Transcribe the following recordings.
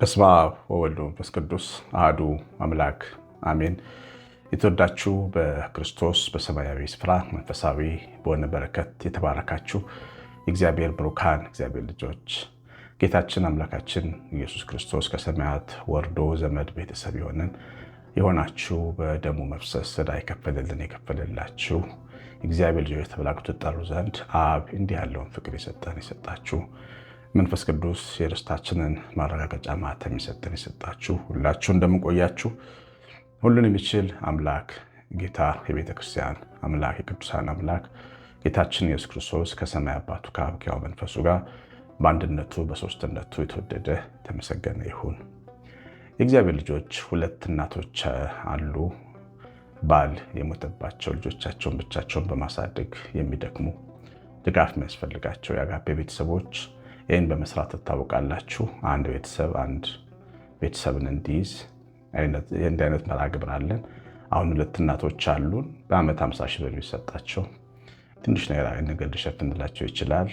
በስመ አብ ወወልድ ወመንፈስ ቅዱስ አሐዱ አምላክ አሜን። የተወዳችሁ በክርስቶስ በሰማያዊ ስፍራ መንፈሳዊ በሆነ በረከት የተባረካችሁ የእግዚአብሔር ብሩካን እግዚአብሔር ልጆች ጌታችን አምላካችን ኢየሱስ ክርስቶስ ከሰማያት ወርዶ ዘመድ ቤተሰብ የሆነን የሆናችሁ በደሙ መፍሰስ ዕዳ የከፈለልን የከፈለላችሁ እግዚአብሔር ልጆች ተብላችሁ ትጠሩ ዘንድ አብ እንዲህ ያለውን ፍቅር የሰጠን የሰጣችሁ መንፈስ ቅዱስ የርስታችንን ማረጋገጫ ማተም የሰጠን የሰጣችሁ ሁላችሁ እንደምንቆያችሁ ሁሉን የሚችል አምላክ ጌታ የቤተ ክርስቲያን አምላክ የቅዱሳን አምላክ ጌታችን ኢየሱስ ክርስቶስ ከሰማይ አባቱ ከአብ ከሕያው መንፈሱ ጋር በአንድነቱ በሶስትነቱ የተወደደ ተመሰገነ ይሁን። የእግዚአብሔር ልጆች ሁለት እናቶች አሉ። ባል የሞተባቸው ልጆቻቸውን ብቻቸውን በማሳደግ የሚደክሙ ድጋፍ የሚያስፈልጋቸው የአጋፔ ቤተሰቦች ይህን በመስራት ትታወቃላችሁ። አንድ ቤተሰብ አንድ ቤተሰብን እንዲይዝ እንዲህ አይነት መርሃ ግብር አለን። አሁን ሁለት እናቶች አሉን። በአመት 50 ሺህ ብር ይሰጣቸው ትንሽ ነገር ሊሸፍንላቸው ይችላል።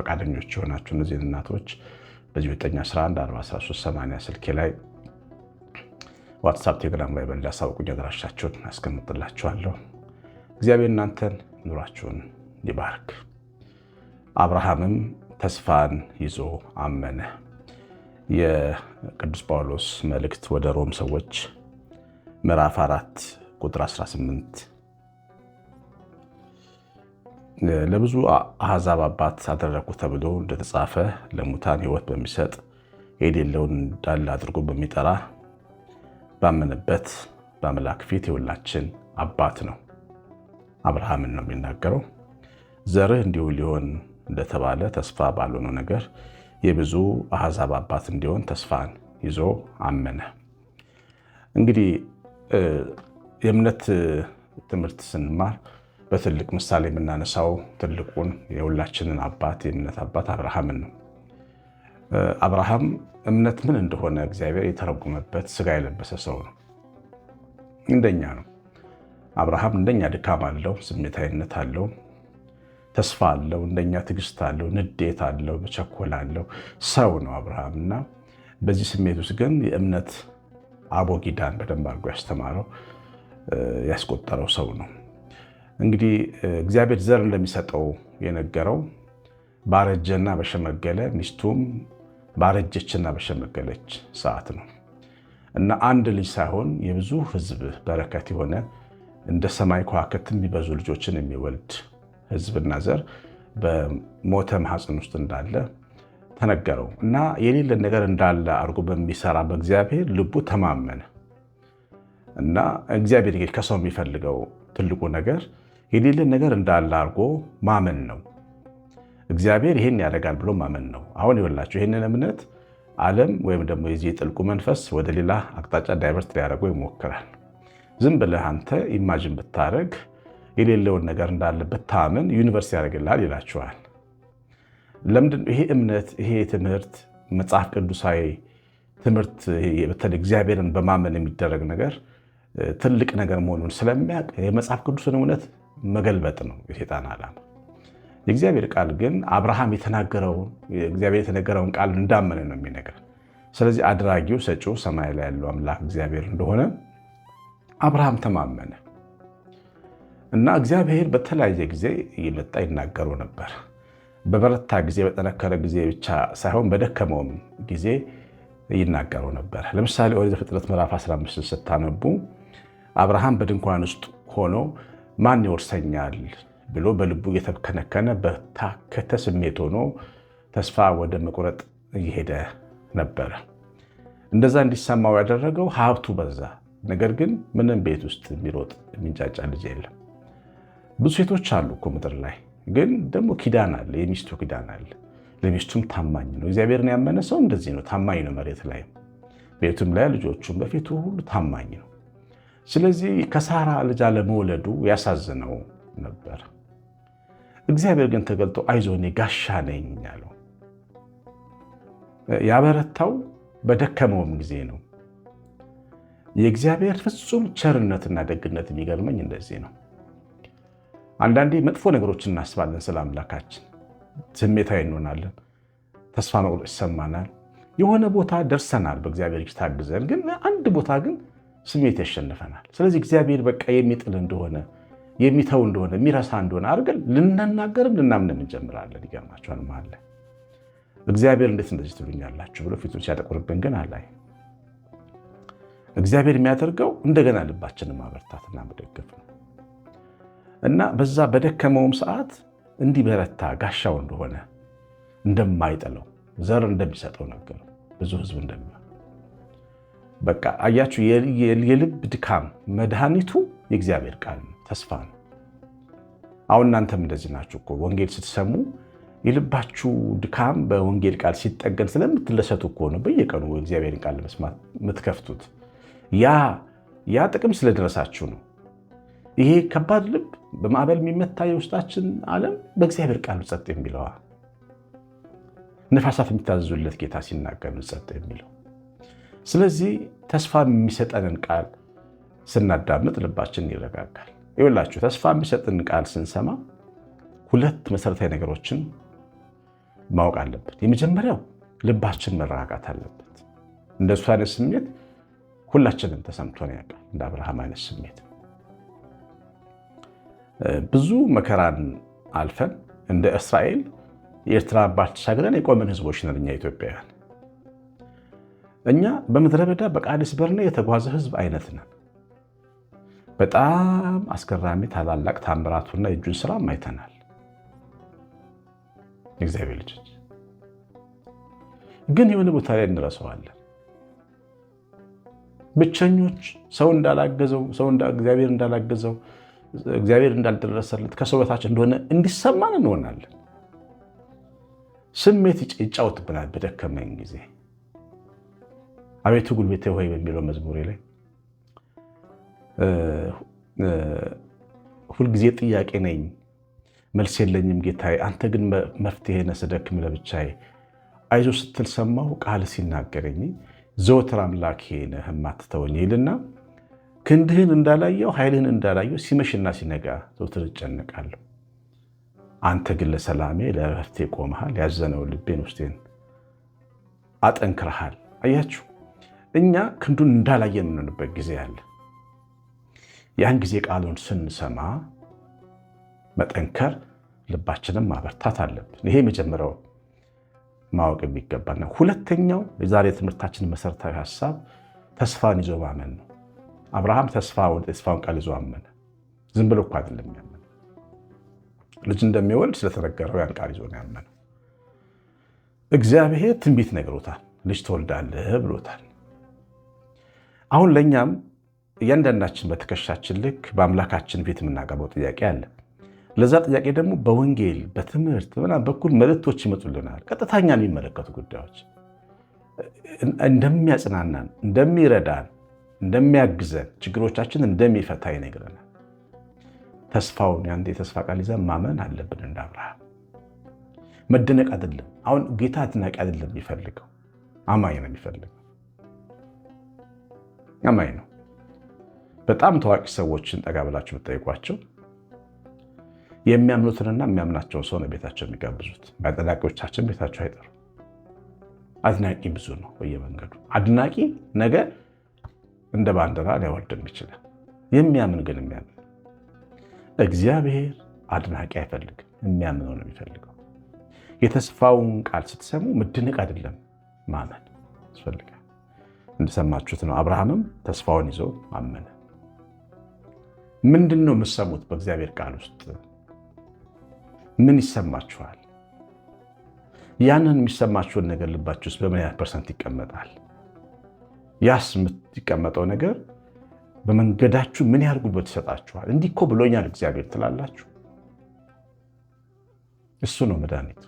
ፈቃደኞች የሆናችሁ እነዚህን እናቶች በዚህ በ 4380 ስልኬ ላይ ዋትሳፕ፣ ቴሌግራም ላይ በእንዲያሳውቁኝ አድራሻችሁን አስቀምጥላችኋለሁ። እግዚአብሔር እናንተን ኑሯችሁን ይባርክ። አብርሃምም ተስፋን ይዞ አመነ። የቅዱስ ጳውሎስ መልእክት ወደ ሮም ሰዎች ምዕራፍ 4 ቁጥር 18 ለብዙ አሕዛብ አባት አደረግኩ ተብሎ እንደተጻፈ ለሙታን ሕይወት በሚሰጥ የሌለውን እንዳለ አድርጎ በሚጠራ ባመነበት በአምላክ ፊት የሁላችን አባት ነው። አብርሃምን ነው የሚናገረው። ዘርህ እንዲሁ ሊሆን እንደተባለ ተስፋ ባልሆነው ነገር የብዙ አሕዛብ አባት እንዲሆን ተስፋን ይዞ አመነ። እንግዲህ የእምነት ትምህርት ስንማር በትልቅ ምሳሌ የምናነሳው ትልቁን የሁላችንን አባት የእምነት አባት አብርሃምን ነው። አብርሃም እምነት ምን እንደሆነ እግዚአብሔር የተረጎመበት ስጋ የለበሰ ሰው ነው። እንደኛ ነው። አብርሃም እንደኛ ድካም አለው፣ ስሜታዊነት አለው፣ ተስፋ አለው። እንደኛ ትግስት አለው፣ ንዴት አለው፣ መቸኮል አለው። ሰው ነው አብርሃም እና በዚህ ስሜት ውስጥ ግን የእምነት አቦጊዳን በደንብ አድርጎ ያስተማረው ያስቆጠረው ሰው ነው። እንግዲህ እግዚአብሔር ዘር እንደሚሰጠው የነገረው ባረጀና በሸመገለ ሚስቱም ባረጀችና በሸመገለች ሰዓት ነው እና አንድ ልጅ ሳይሆን የብዙ ሕዝብ በረከት የሆነ እንደ ሰማይ ከዋክብት የሚበዙ ልጆችን የሚወልድ ሕዝብና ዘር በሞተ ማሕፀን ውስጥ እንዳለ ተነገረው እና የሌለ ነገር እንዳለ አድርጎ በሚሰራ በእግዚአብሔር ልቡ ተማመነ እና እግዚአብሔር ከሰው የሚፈልገው ትልቁ ነገር የሌለን ነገር እንዳለ አድርጎ ማመን ነው። እግዚአብሔር ይሄን ያደርጋል ብሎ ማመን ነው። አሁን ይወላችሁ ይሄንን እምነት ዓለም ወይም ደግሞ የዚህ የጥልቁ መንፈስ ወደ ሌላ አቅጣጫ ዳይቨርት ሊያደርገው ይሞክራል። ዝም ብለህ አንተ ኢማጅን ብታደረግ የሌለውን ነገር እንዳለ ብታምን ዩኒቨርስ ያደርግልሃል ይላቸዋል። ለምንድን ይሄ እምነት ይሄ ትምህርት መጽሐፍ ቅዱሳዊ ትምህርት በተለይ እግዚአብሔርን በማመን የሚደረግ ነገር ትልቅ ነገር መሆኑን ስለሚያውቅ የመጽሐፍ ቅዱስን እውነት መገልበጥ ነው የሴጣን ዓላማ። የእግዚአብሔር ቃል ግን አብርሃም የተናገረውን እግዚአብሔር የተነገረውን ቃል እንዳመነ ነው የሚነግር። ስለዚህ አድራጊው ሰጪው ሰማይ ላይ ያለው አምላክ እግዚአብሔር እንደሆነ አብርሃም ተማመነ እና እግዚአብሔር በተለያየ ጊዜ እየመጣ ይናገሩ ነበር። በበረታ ጊዜ፣ በጠነከረ ጊዜ ብቻ ሳይሆን በደከመውም ጊዜ ይናገሩ ነበር። ለምሳሌ ኦሪት ዘፍጥረት ምዕራፍ 15 ስታነቡ አብርሃም በድንኳን ውስጥ ሆኖ ማን ይወርሰኛል ብሎ በልቡ እየተከነከነ በታከተ ስሜት ሆኖ ተስፋ ወደ መቁረጥ እየሄደ ነበረ። እንደዛ እንዲሰማው ያደረገው ሀብቱ በዛ፣ ነገር ግን ምንም ቤት ውስጥ የሚሮጥ የሚንጫጫ ልጅ የለም። ብዙ ሴቶች አሉ እኮ ምድር ላይ ግን ደግሞ ኪዳን አለ፣ የሚስቱ ኪዳን አለ። ለሚስቱም ታማኝ ነው። እግዚአብሔርን ያመነ ሰው እንደዚህ ነው፣ ታማኝ ነው። መሬት ላይ ቤቱም ላይ ልጆቹም በፊቱ ሁሉ ታማኝ ነው። ስለዚህ ከሳራ ልጅ አለመውለዱ ያሳዝነው ነበር። እግዚአብሔር ግን ተገልጦ አይዞኔ ጋሻ ነኝ አለው። ያበረታው በደከመውም ጊዜ ነው። የእግዚአብሔር ፍጹም ቸርነትና ደግነት የሚገርመኝ እንደዚህ ነው። አንዳንዴ መጥፎ ነገሮችን እናስባለን ስለ አምላካችን፣ ስሜታዊ እንሆናለን፣ ተስፋ መቁረጥ ይሰማናል። የሆነ ቦታ ደርሰናል በእግዚአብሔር ታግዘን፣ ግን አንድ ቦታ ግን ስሜት ያሸንፈናል። ስለዚህ እግዚአብሔር በቃ የሚጥል እንደሆነ የሚተው እንደሆነ የሚረሳ እንደሆነ አድርገን ልንናገርም ልናምንም እንጀምራለን። ይገርማቸዋል። መሀል እግዚአብሔር እንዴት እንደዚህ ትሉኛላችሁ ብሎ ፊቱን ሲያጠቁርብን ግን አላይ እግዚአብሔር የሚያደርገው እንደገና ልባችንን ማበርታትና መደገፍ ነው እና በዛ በደከመውም ሰዓት እንዲበረታ ጋሻው እንደሆነ እንደማይጥለው ዘር እንደሚሰጠው ነገር ብዙ ህዝብ እንደሚሆን በቃ አያችሁ፣ የልብ ድካም መድኃኒቱ የእግዚአብሔር ቃል ተስፋ ነው። አሁን እናንተም እንደዚህ ናችሁ እኮ ወንጌል ስትሰሙ የልባችሁ ድካም በወንጌል ቃል ሲጠገን ስለምትለሰቱ እኮ ነው በየቀኑ እግዚአብሔርን ቃል ለመስማት የምትከፍቱት። ያ ያ ጥቅም ስለደረሳችሁ ነው። ይሄ ከባድ ልብ በማዕበል የሚመታ የውስጣችን ዓለም በእግዚአብሔር ቃል ጸጥ የሚለዋ ነፋሳት የሚታዘዙለት ጌታ ሲናገር ጸጥ የሚለው ስለዚህ ተስፋ የሚሰጠንን ቃል ስናዳምጥ ልባችን ይረጋጋል። ይውላችሁ ተስፋ የሚሰጥን ቃል ስንሰማ ሁለት መሰረታዊ ነገሮችን ማወቅ አለበት። የመጀመሪያው ልባችን መረጋጋት አለበት። እንደ አይነት ስሜት ሁላችንም ተሰምቶን ያውቃል። እንደ አብርሃም አይነት ስሜት ብዙ መከራን አልፈን እንደ እስራኤል የኤርትራ ባህር ተሻግረን ህዝቦች ነን እኛ ኢትዮጵያውያን። እኛ በምድረ በዳ በቃዴስ በርኔ የተጓዘ ህዝብ አይነት ነን። በጣም አስገራሚ ታላላቅ ታምራቱና የእጁን ስራም አይተናል። እግዚአብሔር ልጆች ግን የሆነ ቦታ ላይ እንረሰዋለን ብቸኞች፣ ሰው እንዳላገዘው፣ ሰው እግዚአብሔር እንዳላገዘው፣ እግዚአብሔር እንዳልደረሰለት፣ ከሰው በታች እንደሆነ እንዲሰማን እንሆናለን። ስሜት ይጫወትብናል በደከመኝ ጊዜ አቤቱ ጉልበቴ ሆይ በሚለው መዝሙሬ ላይ ሁልጊዜ ጥያቄ ነኝ፣ መልስ የለኝም ጌታዬ፣ አንተ ግን መፍትሄ ነህ ስደክም ለብቻዬ። አይዞ ስትል ሰማሁ ቃል ሲናገረኝ፣ ዘወትር አምላኬ ነህ የማትተወኝ ይልና ክንድህን እንዳላየው ኃይልህን እንዳላየው ሲመሽና ሲነጋ ዘወትር እጨነቃለሁ። አንተ ግን ለሰላሜ ለረፍቴ ቆመሃል፣ ያዘነው ልቤን ውስጤን አጠንክረሃል። አያችሁ እኛ ክንዱን እንዳላየ የምንሆንበት ጊዜ አለ። ያን ጊዜ ቃሉን ስንሰማ መጠንከር፣ ልባችንም ማበርታት አለብን። ይሄ የመጀመሪያው ማወቅ ነው። ሁለተኛው የዛሬ ትምህርታችን መሰረታዊ ሀሳብ ተስፋን ይዞ ማመን ነው። አብርሃም ተስፋውን ቃል ይዞ አመነ። ዝም ብሎ እኮ አይደለም ያመነ፣ ልጅ እንደሚወልድ ስለተነገረው ያን ቃል ይዞ ነው ያመነው። እግዚአብሔር ትንቢት ነግሮታል፣ ልጅ ትወልዳለህ ብሎታል። አሁን ለእኛም እያንዳንዳችን በትከሻችን ልክ በአምላካችን ፊት የምናቀርበው ጥያቄ አለ። ለዛ ጥያቄ ደግሞ በወንጌል በትምህርት ምናምን በኩል መልእክቶች ይመጡልናል። ቀጥታኛ የሚመለከቱ ጉዳዮች እንደሚያጽናናን፣ እንደሚረዳን፣ እንደሚያግዘን፣ ችግሮቻችን እንደሚፈታ ይነግረናል። ተስፋውን ያን የተስፋ ቃል ይዘን ማመን አለብን። እንደ አብርሃም መደነቅ አይደለም። አሁን ጌታ አድናቂ አይደለም የሚፈልገው አማኝ ነው የሚፈልገው አማኝ ነው። በጣም ታዋቂ ሰዎችን ጠጋ ብላችሁ ብትጠይቋቸው የሚያምኑትንና የሚያምናቸውን ሰው ነው ቤታቸው የሚጋብዙት። በአጠናቂዎቻችን ቤታቸው አይጠሩም። አድናቂ ብዙ ነው በየመንገዱ። አድናቂ ነገ እንደ ባንዲራ ሊያወርድም ይችላል። የሚያምን ግን የሚያምን እግዚአብሔር አድናቂ አይፈልግም፣ የሚያምነው ነው የሚፈልገው። የተስፋውን ቃል ስትሰሙ መደነቅ አይደለም ማመን ያስፈልጋል። እንደሰማችሁት ነው። አብርሃምም ተስፋውን ይዞ አመነ። ምንድን ነው የምትሰሙት? በእግዚአብሔር ቃል ውስጥ ምን ይሰማችኋል? ያንን የሚሰማችሁን ነገር ልባችሁ ውስጥ በምን ያህል ፐርሰንት ይቀመጣል? ያስ የምትቀመጠው ነገር በመንገዳችሁ ምን ያህል ጉልበት ይሰጣችኋል? እንዲህ እኮ ብሎኛል እግዚአብሔር ትላላችሁ። እሱ ነው መድኃኒቱ።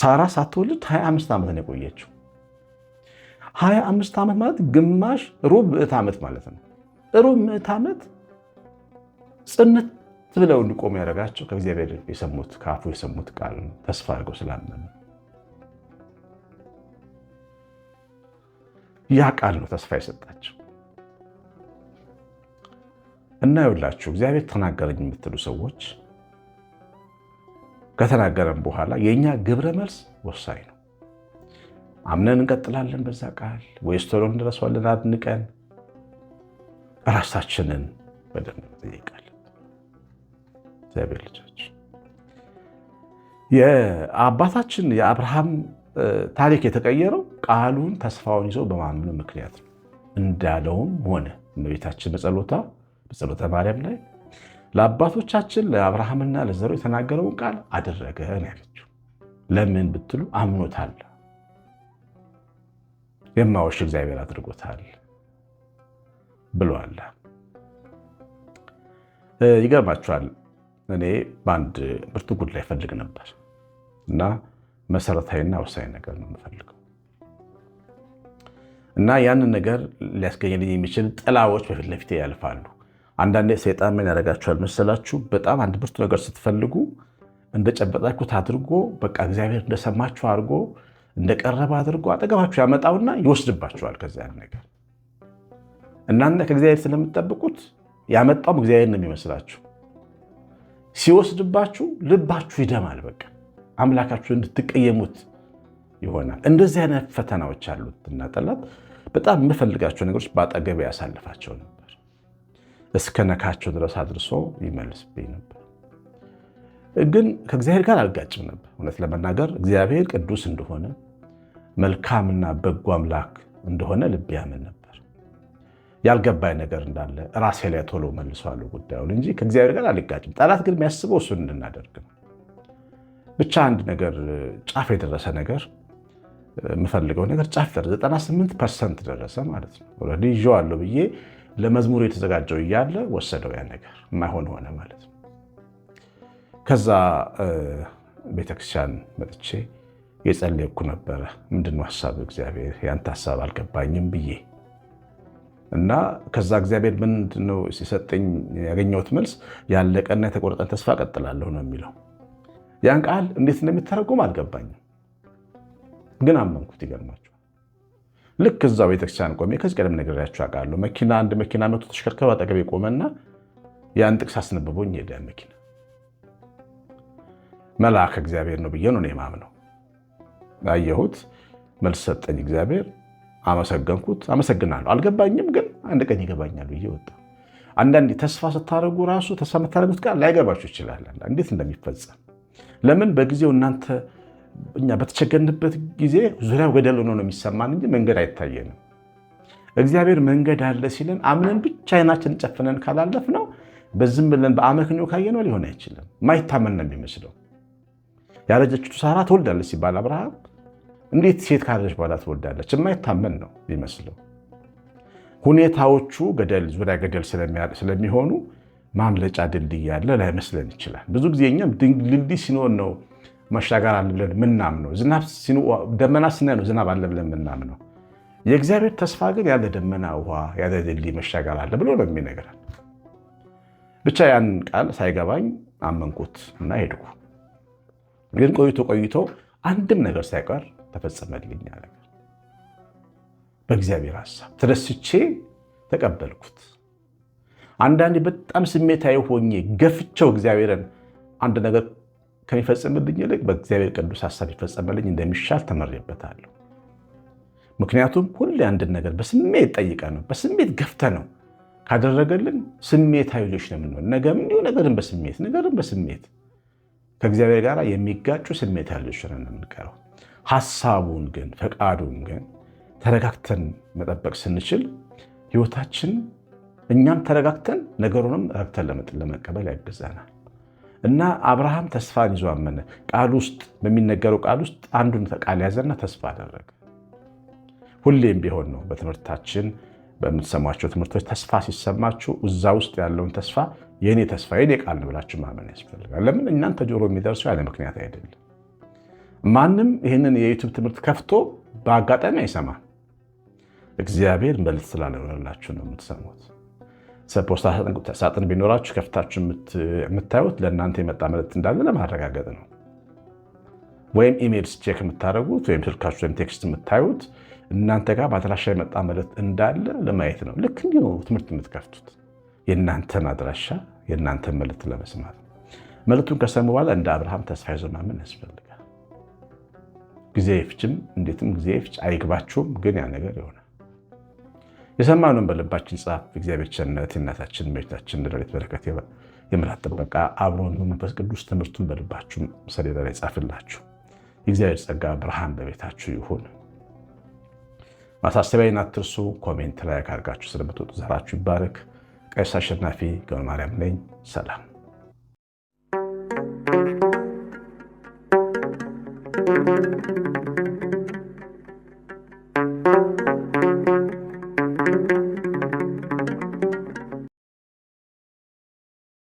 ሳራ ሳትወልድ 25 ዓመት ነው የቆየችው። 25 ዓመት ማለት ግማሽ ሩብ ምዕት ዓመት ማለት ነው። ሩብ ምዕት ዓመት ጽንት ብለው እንዲቆሙ ያደረጋቸው ከእግዚአብሔር የሰሙት ከአፉ የሰሙት ቃል ተስፋ አድርገው ስላመኑ ያ ቃል ነው ተስፋ የሰጣቸው። እና ይኸውላችሁ እግዚአብሔር ተናገረኝ የምትሉ ሰዎች ከተናገረን በኋላ የእኛ ግብረ መልስ ወሳኝ ነው። አምነን እንቀጥላለን በዛ ቃል ወይስ ቶሎ እንደረሰዋለን አድንቀን ራሳችንን በደንብ እንጠይቃለን። እግዚአብሔር ልጆች የአባታችን የአብርሃም ታሪክ የተቀየረው ቃሉን ተስፋውን ይዞ በማመኑ ምክንያት ነው። እንዳለውም ሆነ እመቤታችን በጸሎታ በጸሎተ ማርያም ላይ ለአባቶቻችን ለአብርሃምና ለዘሮ የተናገረውን ቃል አደረገ ነው ያለችው። ለምን ብትሉ አምኖታል። የማወሽ እግዚአብሔር አድርጎታል ብለዋል። ይገርማችኋል። እኔ በአንድ ብርቱ ጉዳይ ፈልግ ነበር እና መሰረታዊና ወሳኝ ነገር ነው የምፈልገው እና ያንን ነገር ሊያስገኝልኝ የሚችል ጥላዎች በፊት ለፊቴ ያልፋሉ። አንዳንዴ ሰይጣን ምን ያደርጋችኋል መሰላችሁ? በጣም አንድ ብርቱ ነገር ስትፈልጉ እንደጨበጣችሁት አድርጎ በቃ እግዚአብሔር እንደሰማችሁ አድርጎ እንደቀረበ አድርጎ አጠገባችሁ ያመጣውና ይወስድባችኋል። ከዚያ ነገር እናንተ ከእግዚአብሔር ስለምትጠብቁት ያመጣውም እግዚአብሔር ነው የሚመስላችሁ። ሲወስድባችሁ ልባችሁ ይደማል። በቃ አምላካችሁ እንድትቀየሙት ይሆናል። እንደዚህ አይነት ፈተናዎች አሉትና ጠላት በጣም የምፈልጋቸው ነገሮች በአጠገብ ያሳልፋቸው ነው። እስከ ነካቸው ድረስ አድርሶ ይመልስብኝ ነበር። ግን ከእግዚአብሔር ጋር አልጋጭም ነበር። እውነት ለመናገር እግዚአብሔር ቅዱስ እንደሆነ መልካምና በጎ አምላክ እንደሆነ ልብ ያምን ነበር። ያልገባኝ ነገር እንዳለ ራሴ ላይ ቶሎ መልሰዋለሁ ጉዳዩን እንጂ ከእግዚአብሔር ጋር አልጋጭም። ጠላት ግን የሚያስበው እሱን እንድናደርግ ነው። ብቻ አንድ ነገር ጫፍ የደረሰ ነገር የምፈልገው ነገር ጫፍ ደረሰ። 98 ፐርሰንት ደረሰ ማለት ነው። ይዤዋለሁ ብዬ ለመዝሙር የተዘጋጀው እያለ ወሰደው ያን ነገር የማይሆን ሆነ ማለት ነው። ከዛ ቤተክርስቲያን መጥቼ የጸለይኩ ነበረ። ምንድነው ሀሳብ እግዚአብሔር ያንተ ሀሳብ አልገባኝም ብዬ እና ከዛ እግዚአብሔር ምንድነው ሲሰጠኝ ያገኘሁት መልስ ያለቀና የተቆረጠን ተስፋ ቀጥላለሁ ነው የሚለው። ያን ቃል እንዴት እንደሚተረጎም አልገባኝም፣ ግን አመንኩት። ይገርማቸው ልክ እዛ ቤተክርስቲያን ቆሜ ከዚህ ቀደም ነግሬያችሁ አውቃለሁ። መኪና አንድ መኪና መቶ ተሽከርካሪ አጠገቤ ቆመና ያን ጥቅስ አስነብቦኝ ሄደ። መኪና መልአክ እግዚአብሔር ነው ብዬ ነው የማምነው። አየሁት፣ መልስ ሰጠኝ እግዚአብሔር። አመሰገንኩት፣ አመሰግናለሁ። አልገባኝም፣ ግን አንድ ቀን ይገባኛል ብዬ ወጣ። አንዳንድ ተስፋ ስታደርጉ ራሱ ተስፋ የምታደርጉት ቃል ላይገባችሁ ይችላል፣ እንዴት እንደሚፈጸም ለምን በጊዜው እናንተ እኛ በተቸገርንበት ጊዜ ዙሪያው ገደል ሆኖ ነው የሚሰማን እንጂ መንገድ አይታየንም። እግዚአብሔር መንገድ አለ ሲለን አምነን ብቻ አይናችን ጨፍነን ካላለፍ ነው በዝም ብለን በአመክንዮ ካየነው ሊሆን አይችልም። ማይታመን ነው የሚመስለው። ያረጀችቱ ሳራ ትወልዳለች ሲባል አብርሃም እንዴት ሴት ካረጀች በኋላ ትወልዳለች? የማይታመን ነው የሚመስለው። ሁኔታዎቹ ገደል ዙሪያ ገደል ስለሚሆኑ ማምለጫ ድልድይ ያለ ላይመስለን ይችላል። ብዙ ጊዜ እኛም ድልድይ ሲኖር ነው ማሻገር አለ ብለን ዝናብ ደመና ስናይ ነው ዝናብ አለ ብለን ምናምነው። የእግዚአብሔር ተስፋ ግን ያለ ደመና ውሃ ያለ ድልድይ መሻገር አለ ብሎ ነው የሚነግረን። ብቻ ያን ቃል ሳይገባኝ አመንኩት እና ሄድኩ። ግን ቆይቶ ቆይቶ አንድም ነገር ሳይቀር ተፈጸመልኝ አለ። በእግዚአብሔር ሀሳብ ተደስቼ ተቀበልኩት። አንዳንዴ በጣም ስሜታዊ ሆኜ ገፍቸው እግዚአብሔርን አንድ ነገር ከሚፈጸምልኝ ይልቅ በእግዚአብሔር ቅዱስ ሀሳብ ይፈጸምልኝ እንደሚሻል ተመሬበታለሁ። ምክንያቱም ሁሌ አንድን ነገር በስሜት ጠይቀ ነው በስሜት ገፍተ ነው ካደረገልን ስሜት ኃይሎች ነው የምንሆን። ነገ እንዲሁ ነገርን በስሜት ነገርን በስሜት ከእግዚአብሔር ጋር የሚጋጩ ስሜት ያለች ነው የምንቀረው። ሀሳቡን ግን ፈቃዱን ግን ተረጋግተን መጠበቅ ስንችል ህይወታችን እኛም ተረጋግተን ነገሩንም ረግተን ለመቀበል ያግዘናል። እና አብርሃም ተስፋን ይዞ አመነ። ቃል ውስጥ በሚነገረው ቃል ውስጥ አንዱን ቃል ያዘና ተስፋ አደረገ። ሁሌም ቢሆን ነው በትምህርታችን በምትሰማቸው ትምህርቶች ተስፋ ሲሰማችሁ እዛ ውስጥ ያለውን ተስፋ የእኔ ተስፋ የኔ ቃል ብላችሁ ማመን ያስፈልጋል። ለምን እናንተ ጆሮ የሚደርሰው ያለ ምክንያት አይደለም። ማንም ይህንን የዩቱብ ትምህርት ከፍቶ በአጋጣሚ አይሰማም። እግዚአብሔር በልት ስላለላችሁ ነው የምትሰሙት። ሰፖስታ ሳጥን ቢኖራችሁ ከፍታችሁ የምታዩት ለእናንተ የመጣ መልዕክት እንዳለ ለማረጋገጥ ነው። ወይም ኢሜልስ ቼክ የምታደርጉት ወይም ስልካችሁ ወይም ቴክስት የምታዩት እናንተ ጋር በአድራሻ የመጣ መልዕክት እንዳለ ለማየት ነው። ልክ እንዲህ ትምህርት የምትከፍቱት የእናንተን አድራሻ የእናንተን መልዕክት ለመስማት። መልዕክቱን ከሰሙ በኋላ እንደ አብርሃም ተስፋ ይዞ ማመን ያስፈልጋል። ጊዜ ይፍጅም፣ እንዴትም ጊዜ ይፍጅ፣ አይግባችሁም፣ ግን ያ ነገር ይሆናል። የሰማነውን በልባችን ጻፍ። እግዚአብሔር ቸርነት፣ የእናታችን እመቤታችን ረድኤት በረከት፣ የምሕረት ጥበቃ አብሮን በመንፈስ ቅዱስ ትምህርቱን በልባችሁ ሰሌዳ ላይ ጻፍላችሁ። የእግዚአብሔር ጸጋ ብርሃን በቤታችሁ ይሁን። ማሳሰቢያዬን አትርሱ። ኮሜንት ላይ ካርጋችሁ ስለምትወጡ ዘራችሁ ይባረክ። ቀሲስ አሸናፊ ገብረ ማርያም ነኝ። ሰላም Thank you.